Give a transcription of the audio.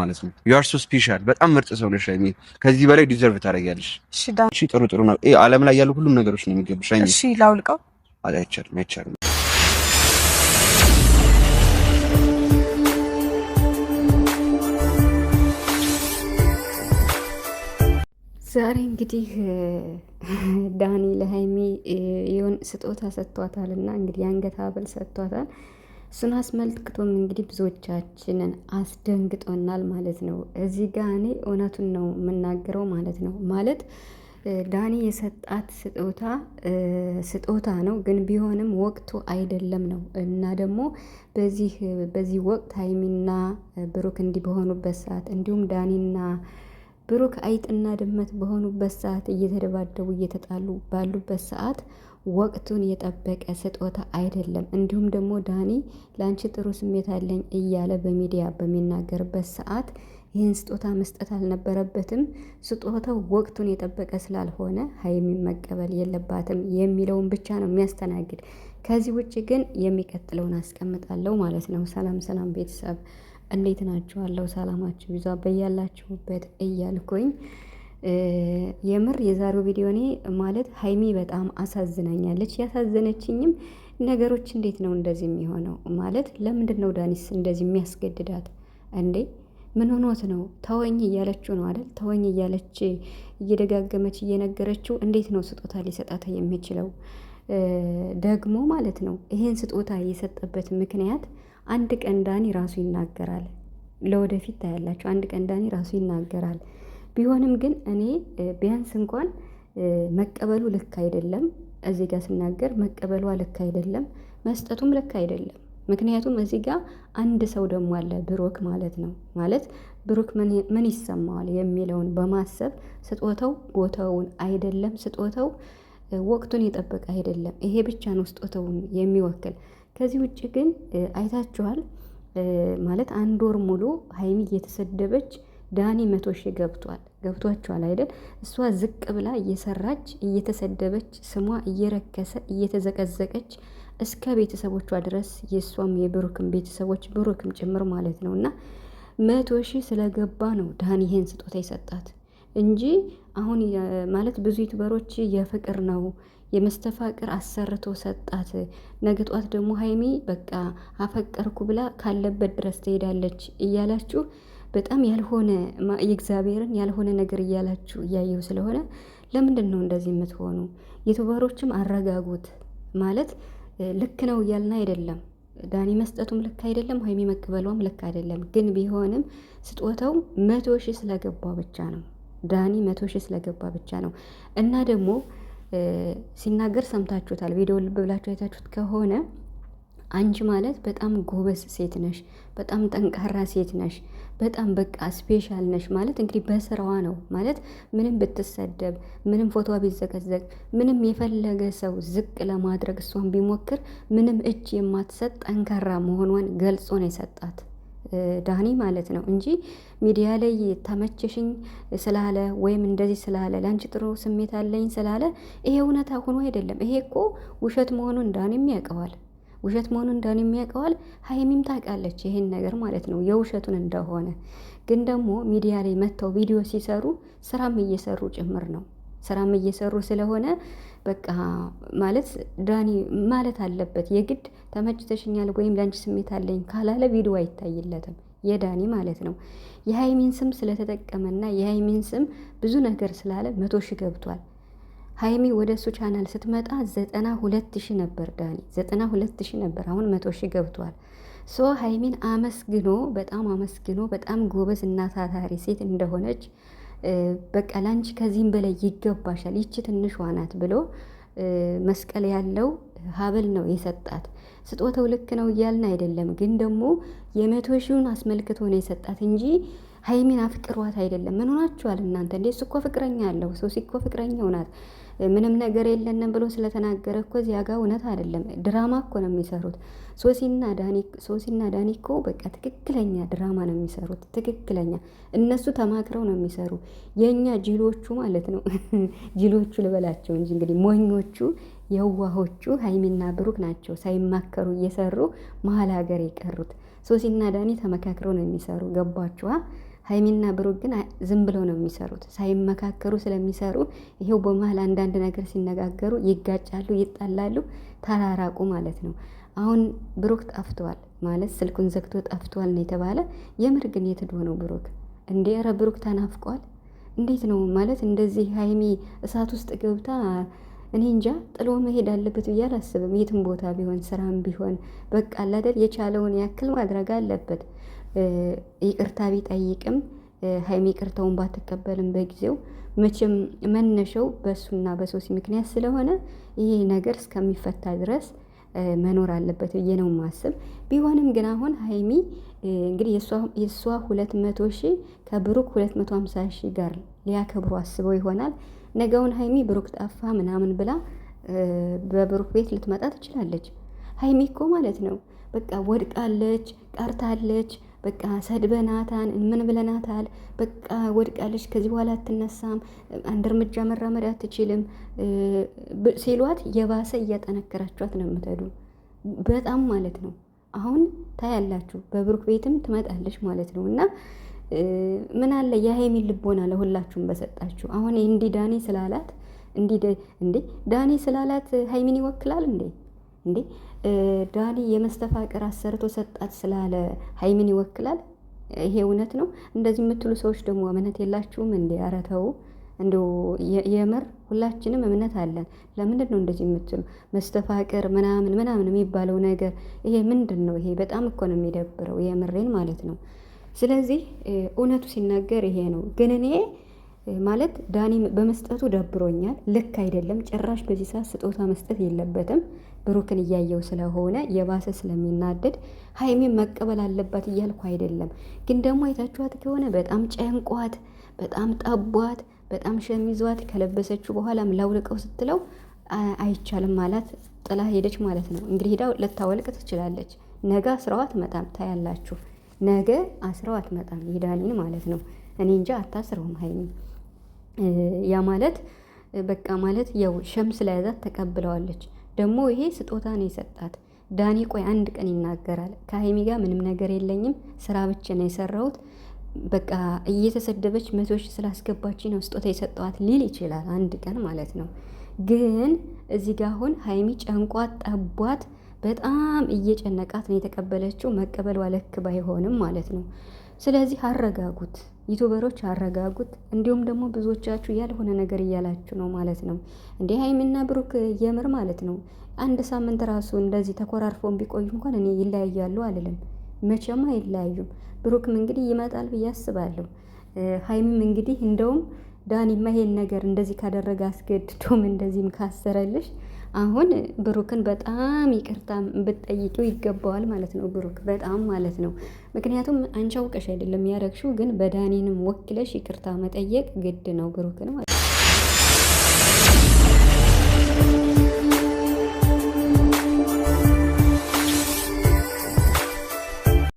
ማለት ነው። ዩ አር ሶ ስፔሻል በጣም ምርጥ ሰው ነሽ ሀይሚ፣ ከዚህ በላይ ዲዘርቭ ታደርጊያለሽ። እሺ ጥሩ ጥሩ ነው። ዓለም ላይ ያሉ ሁሉም ነገሮች ነው የሚገቡሽ ሀይሚ። እሺ ላውልቀው። አይቻልም አይቻልም። ዛሬ እንግዲህ ዳኒ ለሀይሚ የሆነ ስጦታ ሰጥቷታል እና እንግዲህ የአንገት ሀብል ሰጥቷታል። እሱን አስመልክቶም እንግዲህ ብዙዎቻችንን አስደንግጦናል ማለት ነው። እዚህ ጋ እኔ እውነቱን ነው የምናገረው ማለት ነው። ማለት ዳኒ የሰጣት ስጦታ ስጦታ ነው፣ ግን ቢሆንም ወቅቱ አይደለም ነው እና ደግሞ በዚህ በዚህ ወቅት ሀይሚና ብሩክ እንዲህ በሆኑበት ሰዓት እንዲሁም ዳኒና ብሩክ አይጥና ድመት በሆኑበት ሰዓት እየተደባደቡ እየተጣሉ ባሉበት ሰዓት ወቅቱን የጠበቀ ስጦታ አይደለም። እንዲሁም ደግሞ ዳኒ ለአንቺ ጥሩ ስሜት አለኝ እያለ በሚዲያ በሚናገርበት ሰዓት ይህን ስጦታ መስጠት አልነበረበትም። ስጦታው ወቅቱን የጠበቀ ስላልሆነ ሀይሚ መቀበል የለባትም የሚለውን ብቻ ነው የሚያስተናግድ። ከዚህ ውጭ ግን የሚቀጥለውን አስቀምጣለሁ ማለት ነው። ሰላም ሰላም ቤተሰብ እንዴት ናችሁ? አለው ሰላማችሁ ይዟ በያላችሁበት እያልኩኝ የምር የዛሬው ቪዲዮ እኔ ማለት ሀይሚ በጣም አሳዝናኛለች። ያሳዘነችኝም ነገሮች እንዴት ነው እንደዚህ የሚሆነው? ማለት ለምንድን ነው ዳኒስ እንደዚህ የሚያስገድዳት እንዴ? ምን ሆኖት ነው? ተወኝ እያለችው ነው አይደል? ተወኝ እያለች እየደጋገመች እየነገረችው፣ እንዴት ነው ስጦታ ሊሰጣት የሚችለው? ደግሞ ማለት ነው ይሄን ስጦታ የሰጠበት ምክንያት አንድ ቀን ዳኒ ራሱ ይናገራል። ለወደፊት ታያላችሁ። አንድ ቀን ዳኒ ራሱ ይናገራል። ቢሆንም ግን እኔ ቢያንስ እንኳን መቀበሉ ልክ አይደለም። እዚህ ጋር ስናገር መቀበሏ ልክ አይደለም፣ መስጠቱም ልክ አይደለም። ምክንያቱም እዚህ ጋር አንድ ሰው ደግሞ አለ ብሩክ ማለት ነው። ማለት ብሩክ ምን ይሰማዋል የሚለውን በማሰብ ስጦተው ቦታውን አይደለም፣ ስጦተው ወቅቱን የጠበቀ አይደለም። ይሄ ብቻ ነው ስጦተውን የሚወክል ከዚህ ውጭ ግን አይታችኋል ማለት አንድ ወር ሙሉ ሀይሚ እየተሰደበች ዳኒ መቶ ሺህ ገብቷል። ገብቷችኋል አይደል? እሷ ዝቅ ብላ እየሰራች እየተሰደበች ስሟ እየረከሰ እየተዘቀዘቀች እስከ ቤተሰቦቿ ድረስ የእሷም የብሩክም ቤተሰቦች ብሩክም ጭምር ማለት ነው እና መቶ ሺህ ስለገባ ነው ዳኒ ይሄን ስጦታ የሰጣት እንጂ አሁን ማለት ብዙ ዩቱበሮች የፍቅር ነው የመስተፋቅር አሰርቶ ሰጣት። ነገ ጧት ደግሞ ሀይሚ በቃ አፈቀርኩ ብላ ካለበት ድረስ ትሄዳለች እያላችሁ በጣም ያልሆነ የእግዚአብሔርን ያልሆነ ነገር እያላችሁ እያየው ስለሆነ ለምንድን ነው እንደዚህ የምትሆኑ? ዩቱበሮችም አረጋጉት ማለት ልክ ነው እያልን አይደለም። ዳኒ መስጠቱም ልክ አይደለም፣ ሀይሚ መቀበሏም ልክ አይደለም። ግን ቢሆንም ስጦታው መቶ ሺህ ስለገባ ብቻ ነው። ዳኒ መቶ ሺህ ስለገባ ብቻ ነው እና ደግሞ ሲናገር ሰምታችሁታል። ቪዲዮ ልብ ብላችሁ አይታችሁት ከሆነ አንቺ ማለት በጣም ጎበዝ ሴት ነሽ፣ በጣም ጠንካራ ሴት ነሽ፣ በጣም በቃ ስፔሻል ነሽ ማለት እንግዲህ በስራዋ ነው ማለት ምንም ብትሰደብ፣ ምንም ፎቶዋ ቢዘቀዘቅ፣ ምንም የፈለገ ሰው ዝቅ ለማድረግ እሷን ቢሞክር ምንም እጅ የማትሰጥ ጠንካራ መሆኗን ገልጾ ነው የሰጣት። ዳኒ ማለት ነው እንጂ ሚዲያ ላይ ተመቸሽኝ ስላለ ወይም እንደዚህ ስላለ ለአንቺ ጥሩ ስሜት አለኝ ስላለ ይሄ እውነት ሆኖ አይደለም። ይሄ እኮ ውሸት መሆኑን ዳኒም ያውቀዋል። ውሸት መሆኑን ዳኒም ያውቀዋል። ሀይሚም ታውቃለች ይሄን ነገር ማለት ነው የውሸቱን እንደሆነ። ግን ደግሞ ሚዲያ ላይ መጥተው ቪዲዮ ሲሰሩ ስራም እየሰሩ ጭምር ነው። ስራም እየሰሩ ስለሆነ በቃ ማለት ዳኒ ማለት አለበት የግድ ተመችተሽኛል ወይም ለአንቺ ስሜት አለኝ ካላለ ቪዲዮ አይታይለትም። የዳኒ ማለት ነው። የሀይሚን ስም ስለተጠቀመና የሀይሚን ስም ብዙ ነገር ስላለ መቶ ሺህ ገብቷል። ሀይሚ ወደ እሱ ቻናል ስትመጣ ዘጠና ሁለት ሺህ ነበር ዳኒ ዘጠና ሁለት ሺህ ነበር። አሁን መቶ ሺህ ገብቷል። ሶ ሀይሚን አመስግኖ በጣም አመስግኖ በጣም ጎበዝ እና ታታሪ ሴት እንደሆነች በቃ ላንቺ ከዚህም በላይ ይገባሻል፣ ይቺ ትንሿ ናት ብሎ መስቀል ያለው ሀብል ነው የሰጣት። ስጦተው ልክ ነው እያልን አይደለም፣ ግን ደግሞ የመቶ ሺውን አስመልክቶ ነው የሰጣት እንጂ ሀይሚን አፍቅሯት አይደለም። ምን ሆናችኋል እናንተ? እንዴ እኮ ፍቅረኛ አለው፣ ሰው ሲኮ ፍቅረኛው ናት። ምንም ነገር የለንም ብሎ ስለተናገረ እኮ እዚያ ጋር እውነት አይደለም። ድራማ እኮ ነው የሚሰሩት ሶሲና ዳኒ። ሶሲና ዳኒ እኮ በቃ ትክክለኛ ድራማ ነው የሚሰሩት። ትክክለኛ እነሱ ተማክረው ነው የሚሰሩ። የእኛ ጅሎቹ ማለት ነው ጅሎቹ ልበላቸው እንጂ እንግዲህ ሞኞቹ የዋሆቹ ሀይሚና ብሩክ ናቸው። ሳይማከሩ እየሰሩ መሀል ሀገር የቀሩት ሶሲና ዳኒ ተመካክረው ነው የሚሰሩ። ገባችኋ? ሀይሚና ብሩክ ግን ዝም ብለው ነው የሚሰሩት፣ ሳይመካከሩ ስለሚሰሩ ይሄው በመሀል አንዳንድ ነገር ሲነጋገሩ ይጋጫሉ፣ ይጣላሉ፣ ተራራቁ ማለት ነው። አሁን ብሩክ ጠፍቷል ማለት ስልኩን ዘግቶ ጠፍቷል ነው የተባለ። የምር ግን የት ነው ብሩክ? እንዴ ኧረ ብሩክ ተናፍቋል። እንዴት ነው ማለት እንደዚህ ሀይሚ እሳት ውስጥ ገብታ እኔ እንጃ ጥሎ መሄድ አለበት ብዬ አላስብም። የትም ቦታ ቢሆን ስራም ቢሆን በቃ አላደል የቻለውን ያክል ማድረግ አለበት። ይቅርታ ቢጠይቅም ሀይሚ ይቅርታውን ባትቀበልም በጊዜው መቼም መነሻው በእሱና በሶሲ ምክንያት ስለሆነ ይሄ ነገር እስከሚፈታ ድረስ መኖር አለበት ብዬ ነው ማስብ። ቢሆንም ግን አሁን ሀይሚ እንግዲህ የእሷ ሁለት መቶ ሺህ ከብሩክ ሁለት መቶ ሀምሳ ሺህ ጋር ሊያከብሩ አስበው ይሆናል። ነገውን ሀይሚ ብሩክ ጠፋ ምናምን ብላ በብሩክ ቤት ልትመጣ ትችላለች። ሀይሚ እኮ ማለት ነው በቃ ወድቃለች፣ ቀርታለች በቃ ሰድበናታን ምን ብለናታል፣ በቃ ወድቃለች፣ ከዚህ በኋላ አትነሳም፣ አንድ እርምጃ መራመድ አትችልም ሲሏት የባሰ እያጠነከራችኋት ነው የምትሄዱ። በጣም ማለት ነው። አሁን ታያላችሁ፣ በብሩክ ቤትም ትመጣለች ማለት ነው እና ምን አለ የሀይሚን ልቦና ለሁላችሁም በሰጣችሁ። አሁን እንዲህ ዳኔ ስላላት እንዲህ ዳኔ ስላላት ሀይሚን ይወክላል እንዴ? እንዴ ዳኒ የመስተፋቅር አሰርቶ ሰጣት ስላለ ሀይሚን ይወክላል? ይሄ እውነት ነው? እንደዚህ የምትሉ ሰዎች ደግሞ እምነት የላችሁም እንዴ? ኧረ ተው የምር ሁላችንም እምነት አለን። ለምንድን ነው እንደዚህ የምትሉ? መስተፋቅር ምናምን ምናምን የሚባለው ነገር ይሄ ምንድን ነው? ይሄ በጣም እኮ ነው የሚደብረው፣ የምሬን ማለት ነው። ስለዚህ እውነቱ ሲናገር ይሄ ነው። ግን እኔ ማለት ዳኒ በመስጠቱ ደብሮኛል። ልክ አይደለም። ጭራሽ በዚህ ሰዓት ስጦታ መስጠት የለበትም። ብሩክን እያየው ስለሆነ የባሰ ስለሚናደድ ሀይሜን መቀበል አለባት እያልኩ አይደለም፣ ግን ደግሞ አይታችኋት ከሆነ በጣም ጨንቋት፣ በጣም ጠቧት፣ በጣም ሸሚዟት ከለበሰችው በኋላም ላውልቀው ስትለው አይቻልም ማለት ጥላ ሄደች ማለት ነው። እንግዲህ ሄዳ ልታወልቅ ትችላለች። ነገ አስራው አትመጣም፣ ታያላችሁ። ነገ አስራው አትመጣም ይዳኒን ማለት ነው። እኔ እንጃ አታስረውም ሀይሜ ያ ማለት በቃ ማለት ያው ሸምስ ስለያዛት ተቀብለዋለች። ደግሞ ይሄ ስጦታ ነው የሰጣት ዳኒ። ቆይ አንድ ቀን ይናገራል። ከሀይሚ ጋር ምንም ነገር የለኝም ስራ ብቻ ነው የሰራሁት። በቃ እየተሰደበች መቶ ሺህ ስላስገባች ነው ስጦታ የሰጠዋት ሊል ይችላል፣ አንድ ቀን ማለት ነው። ግን እዚህ ጋር አሁን ሀይሚ ጨንቋት ጠቧት፣ በጣም እየጨነቃት ነው የተቀበለችው። መቀበል ዋለክ ባይሆንም ማለት ነው ስለዚህ አረጋጉት፣ ዩቱበሮች አረጋጉት። እንዲሁም ደግሞ ብዙዎቻችሁ ያልሆነ ነገር እያላችሁ ነው ማለት ነው። እንደ ሀይሚና ብሩክ የምር ማለት ነው አንድ ሳምንት ራሱ እንደዚህ ተኮራርፎን ቢቆዩ እንኳን እኔ ይለያያሉ አልልም። መቼም አይለያዩም። ብሩክም እንግዲህ ይመጣል ብዬ አስባለሁ። ሀይሚም እንግዲህ እንደውም ዳኒማ ይሄን ነገር እንደዚህ ካደረገ አስገድዶም እንደዚህም ካሰረልሽ አሁን ብሩክን በጣም ይቅርታ ብትጠይቂው ይገባዋል ማለት ነው። ብሩክ በጣም ማለት ነው። ምክንያቱም አንቺ አውቀሽ አይደለም ያረግሽው፣ ግን በዳኒንም ወክለሽ ይቅርታ መጠየቅ ግድ ነው ብሩክን ማለት ነው።